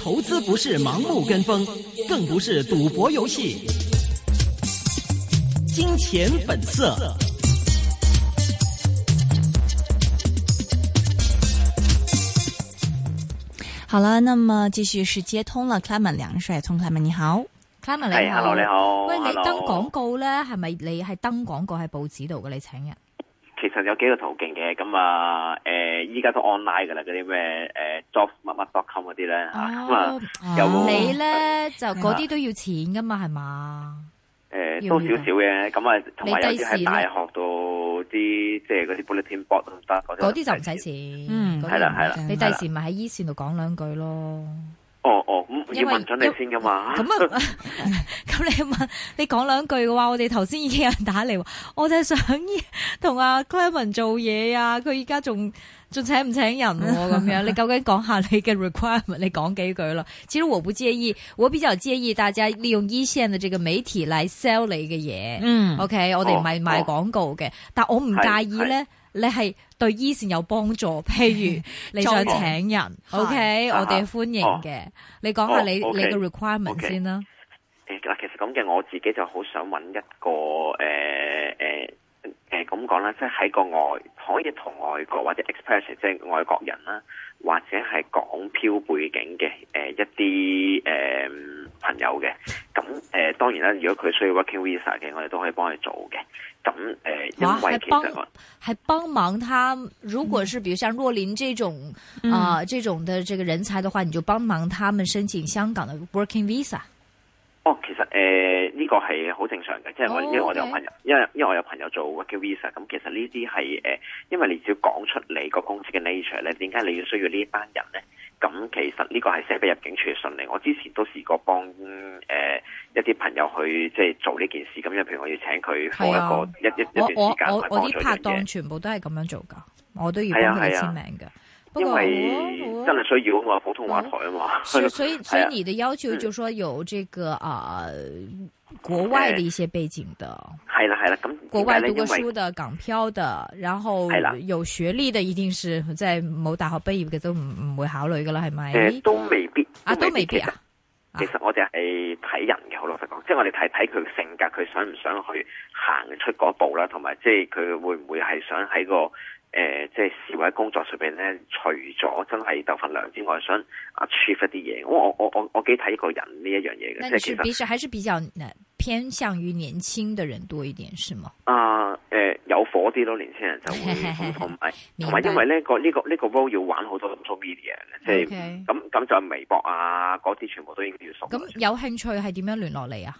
投資不是盲目跟風，更不是賭博遊戲。金錢本色。好了，那麼繼續是接通了。Clement 梁帥聰，Clement 你好，Clement 你好，你你好。喂，你登廣告咧？係咪你係登廣告喺報紙度嘅？你請人。其實有幾個途徑嘅，咁啊，誒，依家都 online 嘅啦，嗰啲咩 drop 乜乜 .com 嗰啲咧嚇，咁啊，有冇？你咧就嗰啲都要錢嘅嘛，係嘛？誒，都少少嘅，咁啊，同埋喺大學度啲，即係嗰啲 bulletin board 嗰啲，嗰啲就唔使錢。嗯，係啦，係啦，你第時咪喺醫線度講兩句咯。因為要問準你先噶嘛？ 咁啊，咁你問你講兩句嘅話，我哋頭先已經有人打嚟。我就係想同阿 Kevin 做嘢啊，佢而家仲仲請唔請人咁樣？你究竟講下你嘅 requirement？你講幾句啦？至少我唔介意，我比較介意大家利用 E 線嘅這個媒體嚟 sell 你嘅嘢。嗯，OK，我哋唔係賣廣告嘅，但我唔介意咧。你係對醫、e、線有幫助，譬如你想請人，OK，我哋歡迎嘅。Uh huh. 你講下你、uh huh. 你嘅 requirement、uh huh. okay. 先啦吧。誒嗱，其實咁嘅我自己就好想揾一個誒誒誒咁講啦，即係喺個外可以同外國或者 express 即外國人啦，或者係港漂背景嘅誒、呃、一啲誒。呃有嘅，咁誒當然啦，如果佢需要 working visa 嘅，我哋都可以幫佢做嘅。咁誒，因為其實我係幫忙他，如果是比如像若琳這種啊、嗯呃、這種的這個人才的話，你就幫忙他們申請香港的 working visa。哦，其實，誒。呃呢個係好正常嘅，即係我因為我有朋友，因為因為我有朋友做 visa，咁其實呢啲係誒，因為你只要講出你個公司嘅 nature 咧，點解你要需要呢一班人咧？咁其實呢個係寫俾入境處嘅信嚟。我之前都試過幫誒一啲朋友去即係做呢件事，咁因為譬如我要請佢一個一一一段時間，我我我我啲拍檔全部都係咁樣做噶，我都要幫佢簽名噶。因為真係需要嘛，普通話台啊嘛。所以所以你嘅要求就說有呢個啊。國外嘅一些背景的係啦係啦咁，國外讀過書的港漂的，然後係啦有學歷的，一定是在某大學畢業嘅都唔唔會考慮噶啦，係咪，呃？都未必，都未必啊，都未必實啊。其實我哋係睇人嘅，好老啊、實講，即係我哋睇睇佢性格，佢想唔想去行出嗰步啦，同埋即係佢會唔會係想喺個誒即係示委工作上面咧，除咗真係得份糧之外，想啊 try 一啲嘢。我我我我幾睇一個人呢一樣嘢嘅，即實還是比較難。偏向於年輕嘅人多一點，是嗎？啊，誒，有火啲咯，年輕人就會，同埋同埋，因為呢個呢個呢個 role 要玩好多 social media，即係咁咁就微博啊，嗰啲全部都應該要熟。咁有興趣係點樣聯絡你啊？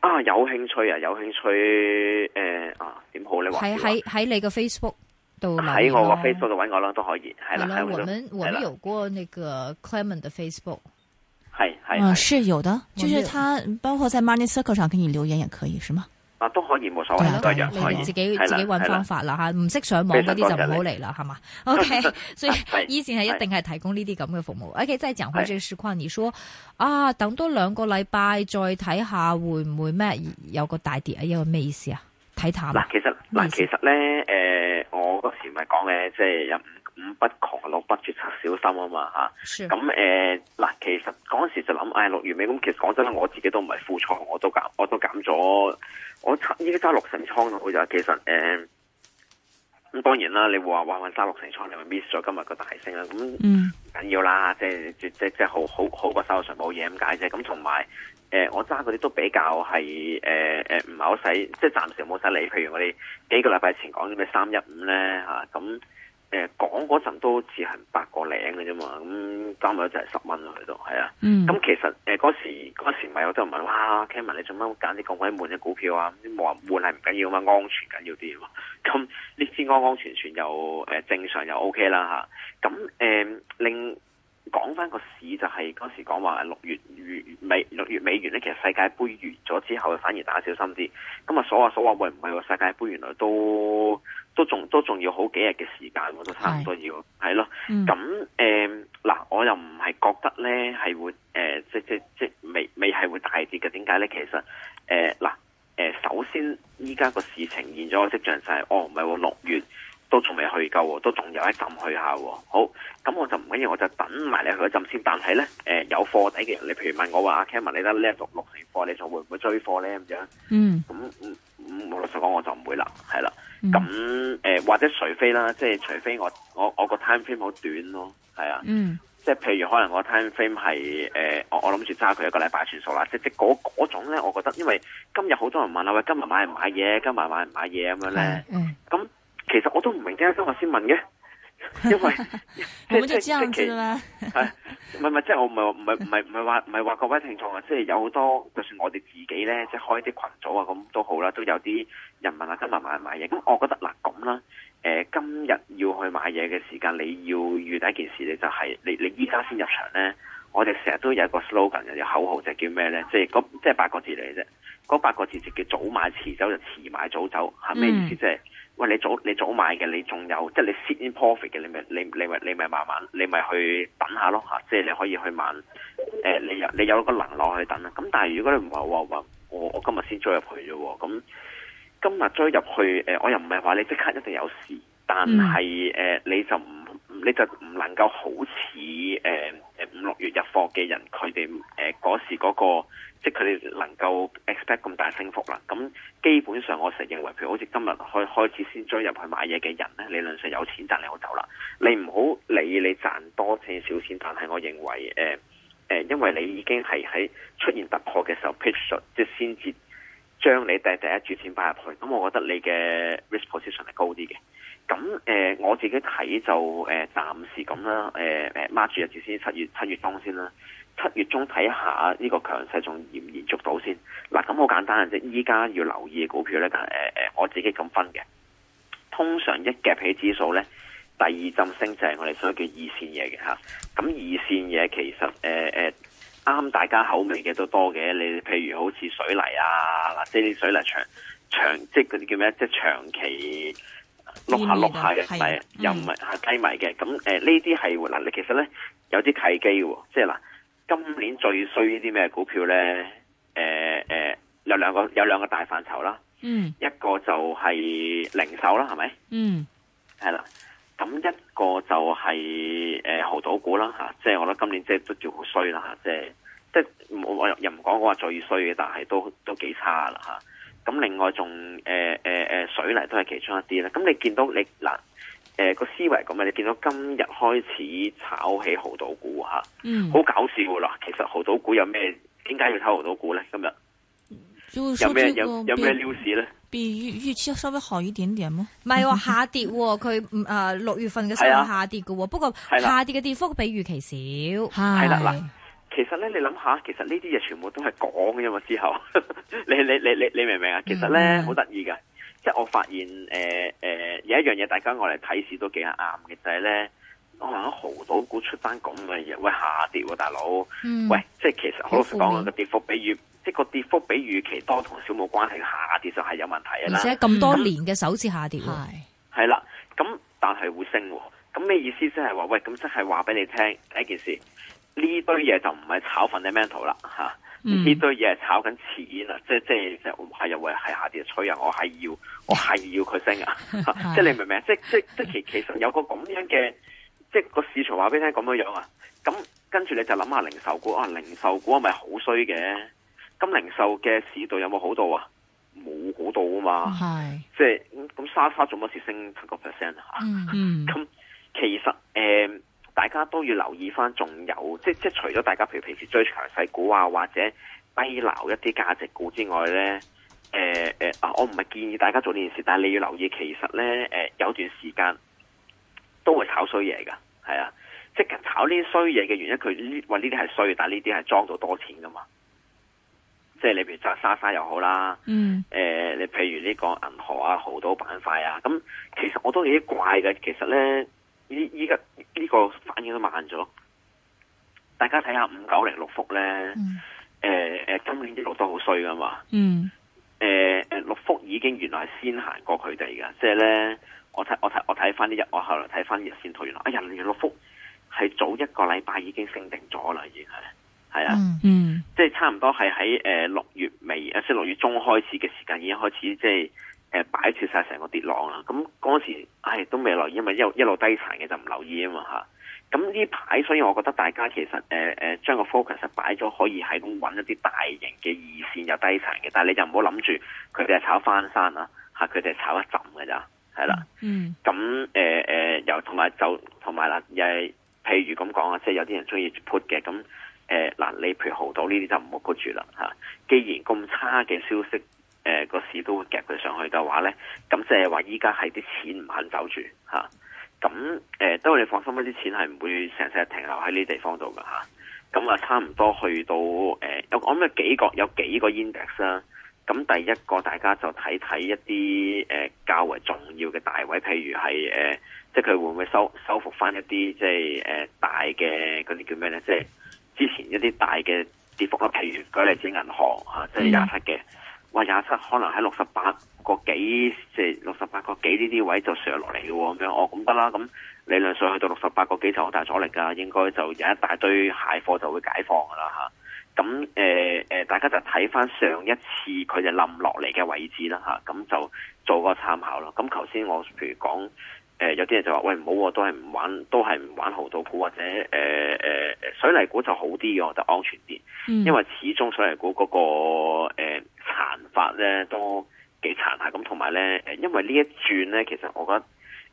啊，有興趣啊，有興趣，誒，啊，點好你話？係喺喺你個 Facebook 度，喺我個 Facebook 度搵我啦，都可以，係啦，我我有過那個 Clement 嘅 Facebook。係係啊，是有的，就是他包括在 Money Circle 上給你留言也可以，是嗎？啊，都可以冇所謂，你自己自己搵方法啦吓，唔識上網嗰啲就唔好嚟啦，係嘛？OK，所以以前係一定係提供呢啲咁嘅服務。OK，即係再講開呢個事況，你說啊，等多兩個禮拜再睇下會唔會咩有個大跌啊？因為咩意思啊？睇淡？嗱，其實嗱，其實咧誒，我嗰時咪係講嘅，即係五不窮，六不絕，七小心嘛啊嘛嚇！咁誒嗱，其實嗰陣時就諗，哎六月尾咁，其實講真啦，我自己都唔係 full 倉，我都減，我都減咗，我差依家揸六成倉啦，好其實誒，咁當然啦，你話哇，揸六成倉，你咪 miss 咗今日個大升啦，咁唔緊要啦，即係即即即好好好過手上冇嘢咁解啫。咁同埋誒，我揸嗰啲都比較係誒誒唔係好使，即係暫時冇使理。譬如我哋幾個禮拜前講咗咩三一五咧嚇，咁。講嗰陣都只係八個零嘅啫嘛，咁加埋就係十蚊咯，喺度係啊。咁、嗯、其實誒嗰時嗰時咪有啲人問，哇，Cameron 你做乜揀啲咁鬼悶嘅股票啊？冇話悶，係唔緊要嘛，安全緊要啲嘛。咁呢支安安全全又誒正常又 OK 啦吓。咁誒、嗯、另講翻個市就係、是、嗰時講話六月月，月尾六月尾完咧，其實世界杯完咗之後反而打小心啲。咁啊數下數下會唔係喎，世界杯原來都。都仲都仲要好幾日嘅時間，我都差唔多要係咯。咁誒嗱，我又唔係覺得咧，係會誒、呃，即即即未未係會大跌嘅？點解咧？其實誒嗱誒，首先依家個事情現咗個跡象就係、是，哦唔係話六月。都仲未去夠，都仲有一浸去一下。好，咁我就唔緊要，我就等埋你去一浸先。但係咧，誒、呃，有貨底嘅人，你譬如問我話阿 Kevin，你得呢六六成貨，你仲會唔會追貨咧咁樣？嗯，咁咁，我老實講，我就唔會啦，係啦。咁誒、嗯呃，或者除非啦，即係除非我我我個 time frame 好短咯，係啊，嗯，即係譬如可能我 time frame 係誒，我我諗住揸佢一個禮拜全數啦，即即嗰嗰種咧，我覺得因為今日好多人問啦，喂，今日買唔買嘢？今日買唔買嘢咁樣咧？嗯，咁、嗯。嗯其實我都唔明點解今日先問嘅，因為好係即係即係，係唔係唔係即係我唔係唔係唔係唔係話唔係話各位聽眾啊，即係有好多，就算我哋自己咧，即係開啲群組啊，咁都好啦，都有啲人問啊今日買唔買嘢。咁我覺得嗱咁啦，誒今日要去買嘢嘅時間，你要預第一件事就你，你就係你你依家先入場咧。我哋成日都有一個 slogan 嘅嘅口號就，就叫咩咧？即係即係八個字嚟嘅啫。嗰八個字就叫早買遲走就遲買早走，係咩意思？即係。喂，你早你早買嘅，你仲有，即係你 sit in profit 嘅，你咪你你咪你咪慢慢，你咪去等下咯嚇，即係你可以去慢，誒、呃、你有你有個能耐去等啦。咁但係如果你唔係話話我我今日先追入去啫喎，咁今日追入去誒、呃，我又唔係話你即刻一定有事，但係誒、嗯呃、你就唔你就唔能夠好似誒誒五六月入貨嘅人，佢哋誒嗰時嗰、嗰個即係佢哋能夠。得咁大升幅啦，咁基本上我成認為，譬如好似今日開開始先追入去買嘢嘅人咧，理論上有錢賺你好走啦。你唔好理你賺多錢少錢，但係我認為誒誒，因為你已經係喺出現突破嘅時候，picture 即係先至將你第第一注錢擺入去，咁我覺得你嘅 risk position 係高啲嘅。咁 誒樂，我自己睇就誒暫時咁啦，誒誒，match 住住先七月七月當先啦。七月中睇下呢個強勢仲延唔延續到先嗱，咁好簡單啫，即係。依家要留意嘅股票咧，誒、呃、誒，我自己咁分嘅。通常一夾起指數咧，第二浸升就係我哋所謂叫二線嘢嘅嚇。咁二線嘢其實誒誒，啱、呃、大家口味嘅都多嘅。你譬如好似水泥啊，嗱，即係啲水泥長長,長，即係啲叫咩？即係長期碌下碌下嘅，係又唔係係低迷嘅。咁誒的，呢啲係嗱，你、呃、其實咧有啲契機喎，即係嗱。今年最衰呢啲咩股票呢？誒、呃、誒、呃，有兩個有兩個大範疇啦。嗯，一個就係零售啦，係咪？嗯，係啦。咁一個就係、是、誒、濠、呃、賭股啦吓、啊，即係我覺得今年即係都叫好衰啦。啊、即係即係，我又唔講我話最衰嘅，但係都都幾差啦吓。咁、啊、另外仲誒誒水泥都係其中一啲啦。咁你見到你嗱？誒，個思維咁啊！你見到今日開始炒起濠賭股吓，嗯，好搞笑啦！其實濠賭股有咩？點解要炒濠賭股咧？今日有咩有有咩 news 咧？比預預期稍微好一點點咯，唔係話下跌喎。佢唔六月份嘅時候下跌嘅喎，不過下跌嘅跌幅比預期少。係啦嗱，其實咧你諗下，其實呢啲嘢全部都係講嘅嘛，之後你你你你你明唔明啊？其實咧好得意嘅。即係我發現，誒、呃、誒、呃，有一樣嘢，大家我嚟睇市都幾係啱嘅，就係咧，我話啲濠賭股出單咁嘅嘢會下跌，大佬，喂，嗯、喂即係其實好老實講個跌幅，比預即個跌幅比預期多同少冇關係，下跌就係有問題啦，而且咁多年嘅首次下跌，係係啦，咁、嗯、但係會升，咁咩意思、就是？即係話喂，咁即係話俾你聽第一件事，呢堆嘢就唔係炒 fundamental 啦，吓、啊。呢堆嘢係炒緊錢啊！即即即係我又會係下跌嘅趨向，我係要我係要佢升啊！ 即你明唔明啊？即即即其實有個咁樣嘅，即個市場話俾你聽咁樣樣啊！咁跟住你就諗下零售股啊，零售股係咪好衰嘅？咁零售嘅市道有冇好到是 啊？冇好到啊嘛！即咁莎莎做乜事升七個 percent 啊？咁其實誒。大家都要留意翻，仲有即即除咗大家譬如平時追強勢股啊，或者低撈一啲價值股之外咧，誒誒啊，我唔係建議大家做呢件事，但係你要留意，其實咧誒、呃、有段時間都會炒衰嘢噶，係啊，即係炒呢啲衰嘢嘅原因，佢呢話呢啲係衰，但係呢啲係裝到多錢噶嘛，即係你如沙沙、嗯呃、譬如揸沙沙又好啦，嗯，誒你譬如呢個銀行啊，好多板塊啊，咁、嗯、其實我都有啲怪嘅，其實咧。依依家呢個反應都慢咗，大家睇下五九零六福咧，誒誒、mm. 呃，今年啲六都好衰噶嘛，誒誒、mm. 呃，六福已經原來先行過佢哋嘅，即係咧，我睇我睇我睇翻呢日，我後來睇翻啲日線圖，原來哎呀，六福係早一個禮拜已經升定咗啦，已經係，係啊，嗯、mm.，即係差唔多係喺誒六月尾啊，即係六月中開始嘅時間已經開始，即係。誒，擺脫晒成個跌浪啦，咁嗰時，唉、哎，都未留意，因為一路一路低殘嘅就唔留意啊嘛嚇。咁呢排，所以我覺得大家其實，誒、呃、誒、呃，將個 focus 擺咗，可以喺度揾一啲大型嘅二線又低殘嘅，但係你就唔好諗住佢哋係炒翻山啦，嚇佢哋係炒一陣嘅咋，係、啊、啦、嗯呃。嗯。咁誒誒，又同埋就同埋啦，誒，譬如咁講啊，即係有啲人中意 put 嘅，咁誒嗱，你譬如豪島呢啲就唔好 put 住啦嚇。既然咁差嘅消息。誒個市都會夾佢上去嘅話咧，咁即係話依家係啲錢唔肯走住嚇，咁誒都你放心啦，啲錢係唔會成世停留喺呢啲地方度嘅嚇。咁啊差唔多去到誒，我諗有幾個有幾個 index 啦。咁第一個大家就睇睇一啲誒較為重要嘅大位，譬如係誒，即係佢會唔會收收復翻一啲即係誒大嘅嗰啲叫咩咧？即係之前一啲大嘅跌幅啦，譬如舉例子銀行嚇，即係廿七嘅。廿七可能喺六十八個幾，即係六十八個幾呢啲位就上落嚟嘅喎，咁樣哦，咁得啦，咁理論上去到六十八個幾就好大阻力噶，應該就有一大堆蟹貨就會解放噶啦嚇。咁誒誒，大家就睇翻上一次佢哋冧落嚟嘅位置啦嚇，咁、啊、就做個參考咯。咁頭先我譬如講。誒、呃，有啲人就話，喂，唔好，都係唔玩，都係唔玩豪賭股或者誒誒、呃、水泥股就好啲嘅，我就安全啲、嗯那個呃。因為始終水泥股嗰個誒殘法咧都幾殘下，咁同埋咧，誒，因為呢一轉咧，其實我覺得誒、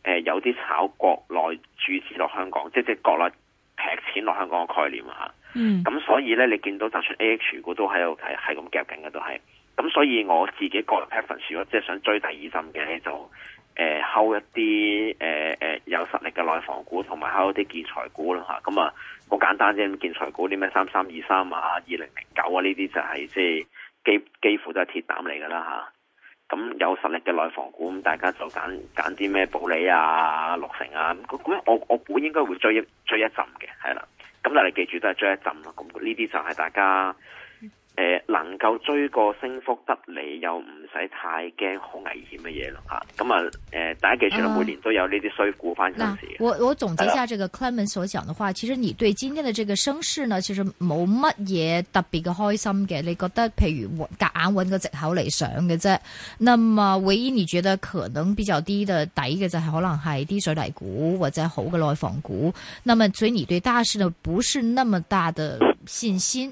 呃、有啲炒國內注資落香港，即係即係國內劈錢落香港嘅概念、嗯、啊。咁所以咧，你見到就算 A H 股都喺度係係咁夾緊嘅都係，咁所以我自己個人劈份 t 即係想追第二針嘅就。誒，拋、呃、一啲誒誒有實力嘅內房股，同埋拋一啲建材股啦吓，咁啊好簡單啫。建材股啲咩三三二三啊、二零零九啊呢啲就係、是、即係基幾，幾乎都係鐵膽嚟噶啦吓。咁、啊、有實力嘅內房股，咁大家就揀揀啲咩保利啊、六成啊，咁咁我我估應該會追，追一追一陣嘅，係啦。咁但係你記住都係追一陣咯。咁呢啲就係大家。誒、呃，能夠追個升幅得嚟，又唔使太驚好危險嘅嘢啦吓。咁啊，誒，大家記住啦，每年都有呢啲衰股翻出嚟。我我總結下，這個 Clement 所講嘅話，其實你對今天的這個升勢呢，其實冇乜嘢特別嘅開心嘅，你覺得譬如夾硬揾個借口嚟想嘅啫。那麼，唯一你覺得可能比較低嘅底嘅就係可能係啲水泥股或者好嘅內房股。那麼，所以你對大市呢不是那麼大的信心。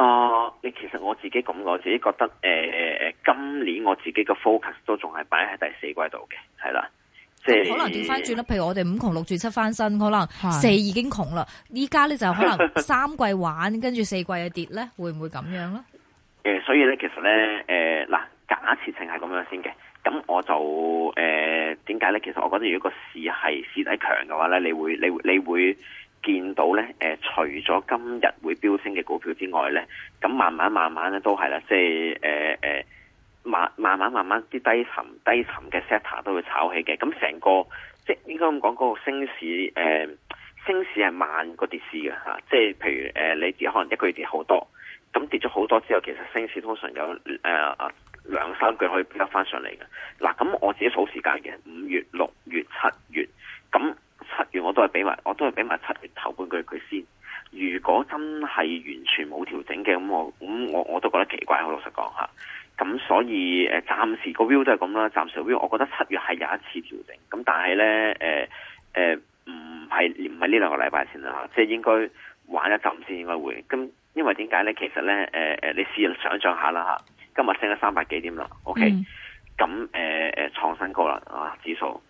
哦，你其實我自己講我自己覺得，誒誒誒，今年我自己嘅 focus 都仲係擺喺第四季度嘅，係啦，即係、嗯。就是、可能掉翻轉啦，譬如我哋五窮六住七翻身，可能四已經窮啦，依家咧就可能三季玩， 跟住四季啊跌咧，會唔會咁樣咧？誒、呃，所以咧，其實咧，誒、呃、嗱，假設性係咁樣先嘅，咁我就誒點解咧？其實我覺得如果個市係市底強嘅話咧，你會你你會。你會你會你會你會見到咧，誒、呃，除咗今日會飆升嘅股票之外咧，咁慢慢慢慢咧都係啦，即係誒誒，慢慢慢慢、呃呃、慢啲低沉低沉嘅 set 都會炒起嘅。咁成個即係應該咁講，個升市誒升、呃、市係慢個跌市嘅嚇、啊。即係譬如誒、呃，你跌可能一個月跌好多，咁、嗯、跌咗好多之後，其實升市通常有誒誒、呃、兩三句可以飆翻上嚟嘅。嗱、啊，咁我自己數時間嘅五月、六月、七月，咁。七月我都係俾埋，我都係俾埋七月頭半個月佢先。如果真係完全冇調整嘅，咁我咁我我都覺得奇怪。我老實講吓，咁、啊、所以誒暫時個 view 都係咁啦。暫時 view，我覺得七月係有一次調整，咁但係咧誒誒唔係唔係呢兩、呃呃、個禮拜先啦吓、啊，即係應該玩一陣先應該會。咁、啊、因為點解咧？其實咧誒誒，你試想象下啦吓、啊，今日升咗三百幾點啦？OK，咁誒誒創新高啦啊指數。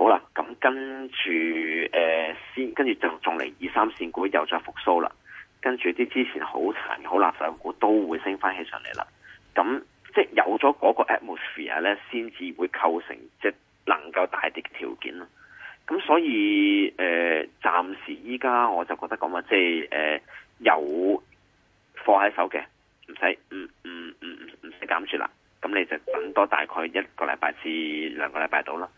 好啦，咁跟住誒、呃，先跟住就仲嚟二三線股又再復蘇啦，跟住啲之前好殘好垃圾股都會升翻起上嚟啦。咁、嗯、即係有咗嗰個 atmosphere 咧，先至會構成即係能夠大跌嘅條件咯。咁、嗯、所以誒、呃，暫時依家我就覺得講話即係誒、呃、有貨喺手嘅，唔使唔唔唔唔唔使減住啦。咁、嗯、你就等多大概一個禮拜至兩個禮拜到啦。.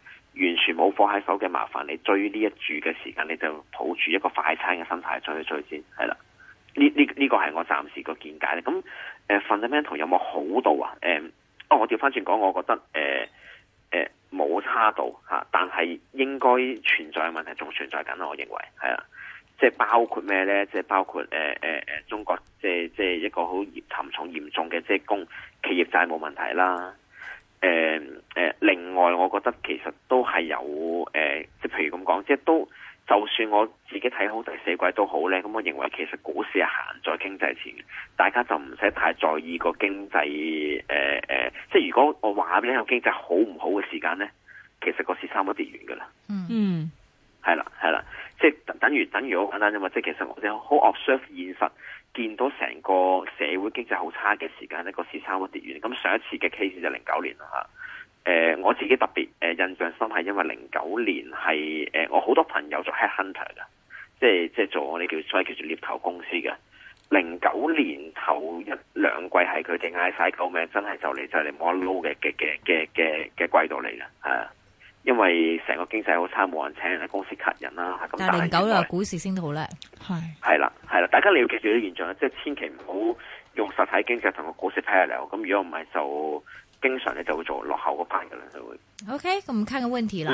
完全冇放喺手嘅麻煩，你追呢一注嘅時間，你就抱住一個快餐嘅心態再去追先，係啦。呢呢呢個係我暫時個見解，咁誒、呃、Fundamental 有冇好到啊？誒、呃，哦，我調翻轉講，我覺得誒誒冇差到吓、啊，但係應該存在嘅問題仲存在緊，我認為係啦、啊。即係包括咩咧？即係包括誒誒誒，中國即係即係一個好嚴沉重嚴重嘅即係公企業債務問題啦。誒誒、呃呃，另外我覺得其實都係有誒、呃，即係譬如咁講，即係都就算我自己睇好第四季都好咧，咁我認為其實股市係行在經濟前嘅，大家就唔使太在意個經濟誒誒，即係如果我話俾你聽經濟好唔好嘅時間咧，其實個市差唔多跌完噶啦。嗯嗯，係啦係啦，即係等於等於等於好簡單啫嘛，即係其實你好 observe 現實。見到成個社會經濟好差嘅時間，呢個市差會跌完。咁上一次嘅 case 就零九年啦，吓。誒、呃，我自己特別誒印象深係因為零九年係誒、呃、我好多朋友做 head hunter 嘅，即係即係做我哋叫所謂叫，叫做獵頭公司嘅。零九年頭一兩季係佢哋嗌晒救命，真係就嚟就嚟冇得撈嘅嘅嘅嘅嘅季度嚟嘅，吓。因為成個經濟好差，冇人請人，喺公司吸引啦。廿零九又股市升得好叻，係係啦係啦，大家你要記住啲現象啦，即係千祈唔好用實體經濟同個股市 p 下 r a 咁如果唔係就經常你就會做落後嗰班噶啦，就會。O K，咁我們看個問題啦。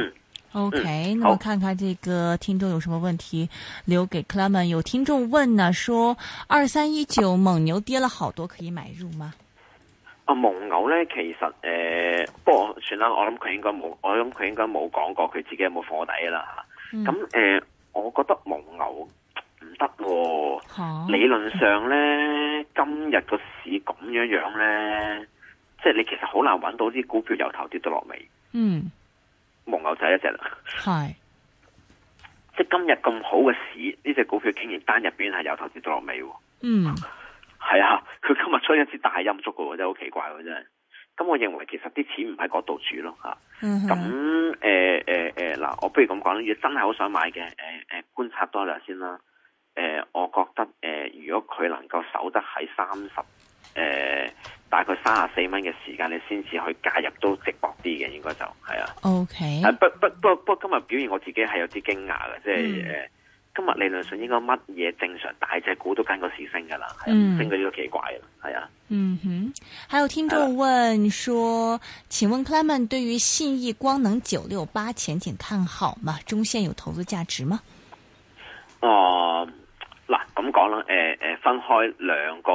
O K，咁我看看這個聽眾有什麼問題留給 Clayman？有聽眾問啊，說二三一九蒙牛跌了好多，可以買入嗎？啊阿、啊、蒙牛咧，其實誒、呃，不過算啦，我諗佢應該冇，我諗佢應該冇講過佢自己有冇貨底啦，咁誒，我覺得蒙牛唔得喎。啊、理論上咧，今日個市咁樣樣咧，即係你其實好難揾到啲股票由頭跌到落尾。嗯，蒙牛就係一隻啦。係是，即係今日咁好嘅市，呢、這、隻、個、股票竟然單入邊係由頭跌到落尾。嗯。嗯係啊，佢今日出一次大陰燭噶，真係好奇怪喎真。咁我認為其實啲錢唔喺嗰度住咯吓。咁誒誒誒，嗱、呃呃呃，我不如咁講啦，如果真係好想買嘅，誒、呃、誒、呃，觀察多兩先啦。誒、呃，我覺得誒、呃，如果佢能夠守得喺三十，誒，大概三十四蚊嘅時間，你先至去介入都值博啲嘅，應該就係啊。O K。啊 Okay.，不不不不，今日表現我自己係有啲驚訝嘅，即係誒。今日理論上應該乜嘢正常，大隻股都跟市、嗯、是是個市升㗎啦，升個啲都奇怪啦，係啊。嗯哼，還有聽眾問說，請問 Clement 對於信義光能九六八前景看好嗎？中線有投資價值嗎？哦、呃，嗱，咁講啦，誒、呃、誒，分開兩個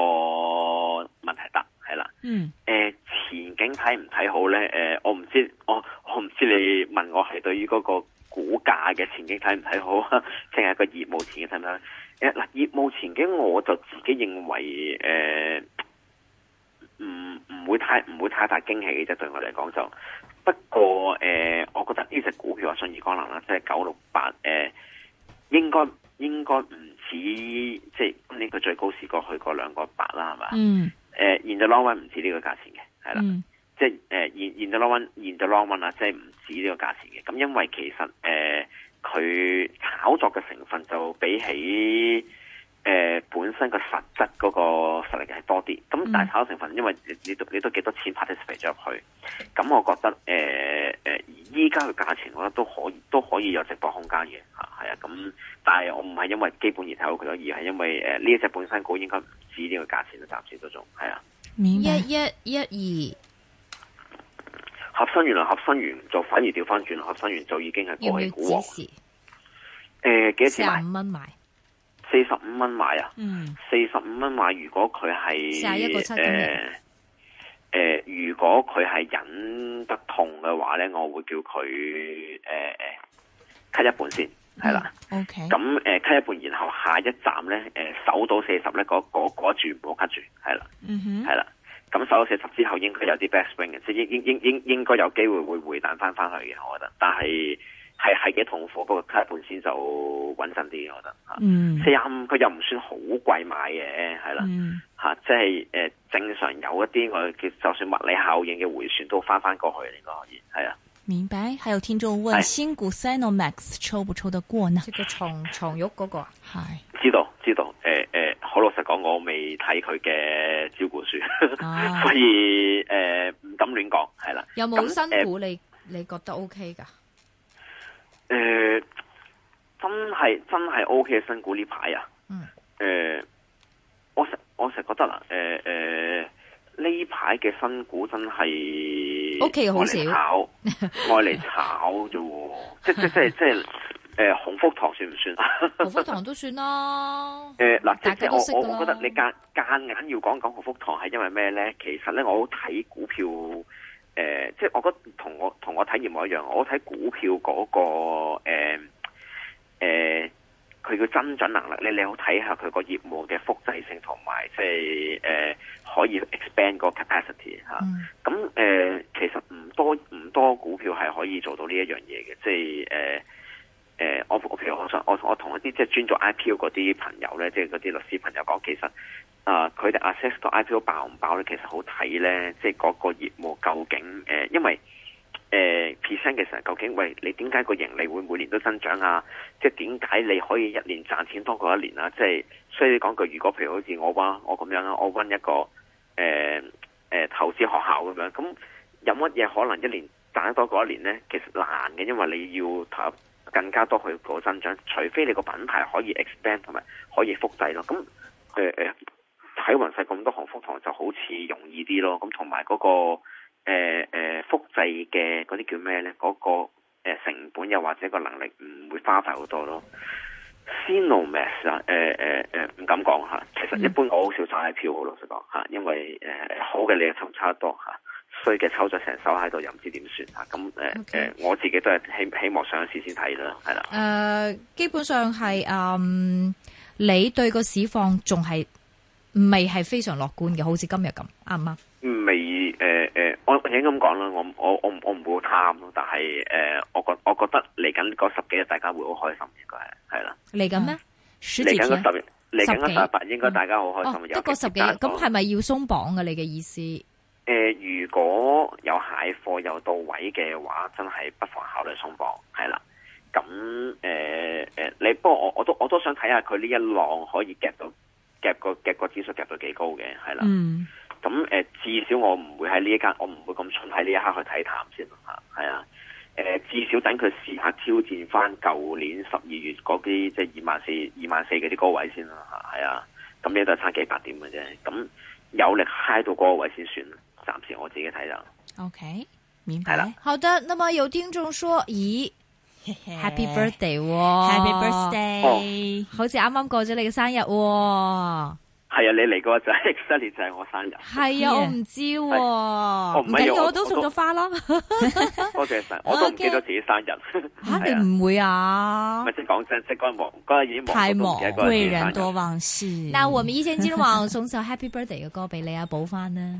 問題吧，係啦、啊，嗯，誒、呃，前景睇唔睇好咧？誒、呃，我唔知，我我唔知你問我係對於嗰、那個。股價嘅前景睇唔睇好啊？淨 係個業務前景睇唔睇？誒，嗱，業務前景我就自己認為誒，唔、呃、唔會太唔會太大驚喜嘅啫。對我嚟講就，不過誒、呃，我覺得呢隻股票啊信義光能啦，即係九六八誒，應該應該唔止即係呢年個最高市價去過兩個八啦，係嘛？嗯。誒、呃，現在 long 唔止呢個價錢嘅，係啦。嗯即係誒，延延長 one 延長 long one 啊，即係唔止呢個價錢嘅。咁因為其實誒，佢、呃、炒作嘅成分就比起誒、呃、本身個實質嗰個實力係多啲。咁但係炒作成分，因為你都你都幾多錢 participate 咗入去。咁、嗯、我覺得誒誒，依家嘅價錢，我覺得都可以都可以有直播空間嘅吓，係啊。咁但係我唔係因為基本面睇好佢，而係因為誒呢一隻本身股應該唔止呢個價錢啦，暫時都仲係啊。一一一二。合生元啦，合生元就反而調翻轉啦，合生元就已經係過去股。要唔要指示？誒，幾、呃、多錢買？五蚊買。四十五蚊買啊！嗯。四十五蚊買，如果佢係誒誒，如果佢係忍得痛嘅話咧，我會叫佢誒誒 cut 一半先，係啦。O K、嗯。咁誒 cut 一半，然後下一站咧，誒、呃、守到四十咧，嗰嗰嗰住唔好 cut 住，係啦。係啦。咁手咗四十之後，應該有啲 best swing 嘅，即係應應應應應該有機會會回彈翻翻去嘅，我覺得。但係係係幾痛苦，不過，這個階段先就穩陣啲，我覺得嚇。啊、嗯。五，佢又唔算好貴買嘅，係啦。嗯。嚇，即係誒正常有一啲我就算物理效應嘅回旋都翻翻過去，應該可以係啊。明白。還有聽眾問：是新股 SinoMax 抽唔抽得過呢？即係蟲蟲肉嗰個係。 睇佢嘅招股書，啊、 所以誒唔、呃、敢亂講，係啦。有冇新股你那、呃、你覺得 O K 噶？誒、呃，真係真係 O K 嘅新股呢排啊！誒、嗯呃，我成我成覺得啦，誒、呃、誒，呢排嘅新股真係 O K 好少炒，愛嚟、嗯、炒啫喎！即即即即。誒，鴻、呃、福堂算唔算啊？鴻 福堂都算啦。誒、呃，嗱、呃，即係、呃、我，我我覺得你隔硬要講講鴻福堂係因為咩咧？其實咧，我好睇股票，誒、呃，即係我覺得同我同我睇業務一樣，我睇股票嗰、那個誒誒，佢、呃、嘅、呃、增長能力咧，你好睇下佢個業務嘅複製性同埋、就是，即係誒可以 expand 個 capacity 吓、啊。咁誒、嗯呃，其實唔多唔多股票係可以做到呢一樣嘢嘅，即係誒。呃誒、呃，我譬如我想，我我同一啲即係專注 IPO 嗰啲朋友咧，即係嗰啲律師朋友講，其實啊，佢哋 access 到 IPO 爆唔爆咧，其實好睇咧，即係嗰個業務究竟誒、呃，因為誒 percent 其實究竟，喂，你點解個盈利會每年都增長啊？即係點解你可以一年賺錢多過一年啊？即係所以你講句，如果譬如好似我温我咁樣啦，我温一個誒誒、呃呃、投資學校咁樣，咁有乜嘢可能一年賺得多過一年咧？其實難嘅，因為你要投。更加多佢個增長，除非你個品牌可以 expand 同埋可以複製咯。咁誒誒，睇、呃、雲世咁多行複堂就好似容易啲咯。咁同埋嗰個誒誒、呃呃、複製嘅嗰啲叫咩咧？嗰、嗰個成本又或者個能力唔會花費好多咯。Cinemas 誒唔敢講嚇。其實一般我好少炒 A 票，好老實講嚇，因為誒、呃、好嘅利差得多嚇。啊所以嘅抽咗成手喺度，又唔知點算啊！咁誒誒，我自己都係希希望上一次先睇啦，係啦。誒，基本上係誒、嗯，你對個市況仲係未係非常樂觀嘅，好似今日咁，啱唔啱？未誒誒，我我應咁講啦，我我我唔我唔會貪，但係誒、呃，我覺我覺得嚟緊嗰十幾日大家會好開心，應該係係啦。嚟緊咩？嚟緊嗰十嚟緊嗰十日，十日應該大家好開心。哦，得十幾日，咁係咪要鬆綁噶，啊？你嘅意思？誒，如果有蟹貨又到位嘅話，真係不妨考慮沖貨，係啦。咁誒誒，你不過我我都我都想睇下佢呢一浪可以夾到夾個夾個指數夾到幾高嘅，係啦。咁誒，至少我唔會喺呢一間，我唔會咁蠢喺呢一刻去睇淡先啦。係啊，誒，至少等佢試下挑戰翻舊年十二月嗰啲即係二萬四二萬四嗰啲高位先啦。係啊，咁呢都係差幾百點嘅啫。咁有力嗨到嗰個位先算。暫時我自己睇啦。O K，明白。係啦，好的。那麼有聽眾說，咦，Happy Birthday，Happy Birthday，好似啱啱過咗你嘅生日。係啊，你嚟嗰陣，新年就係我生日。係啊，我唔知。唔緊要，我都送咗花咯。多謝晒，我都唔記得自己生日。吓你唔會啊？咪係真講真，即嗰日已經忘。太忙。貴人多忘事。那我們依家今晚送首 Happy Birthday 嘅歌俾你啊，補翻啦。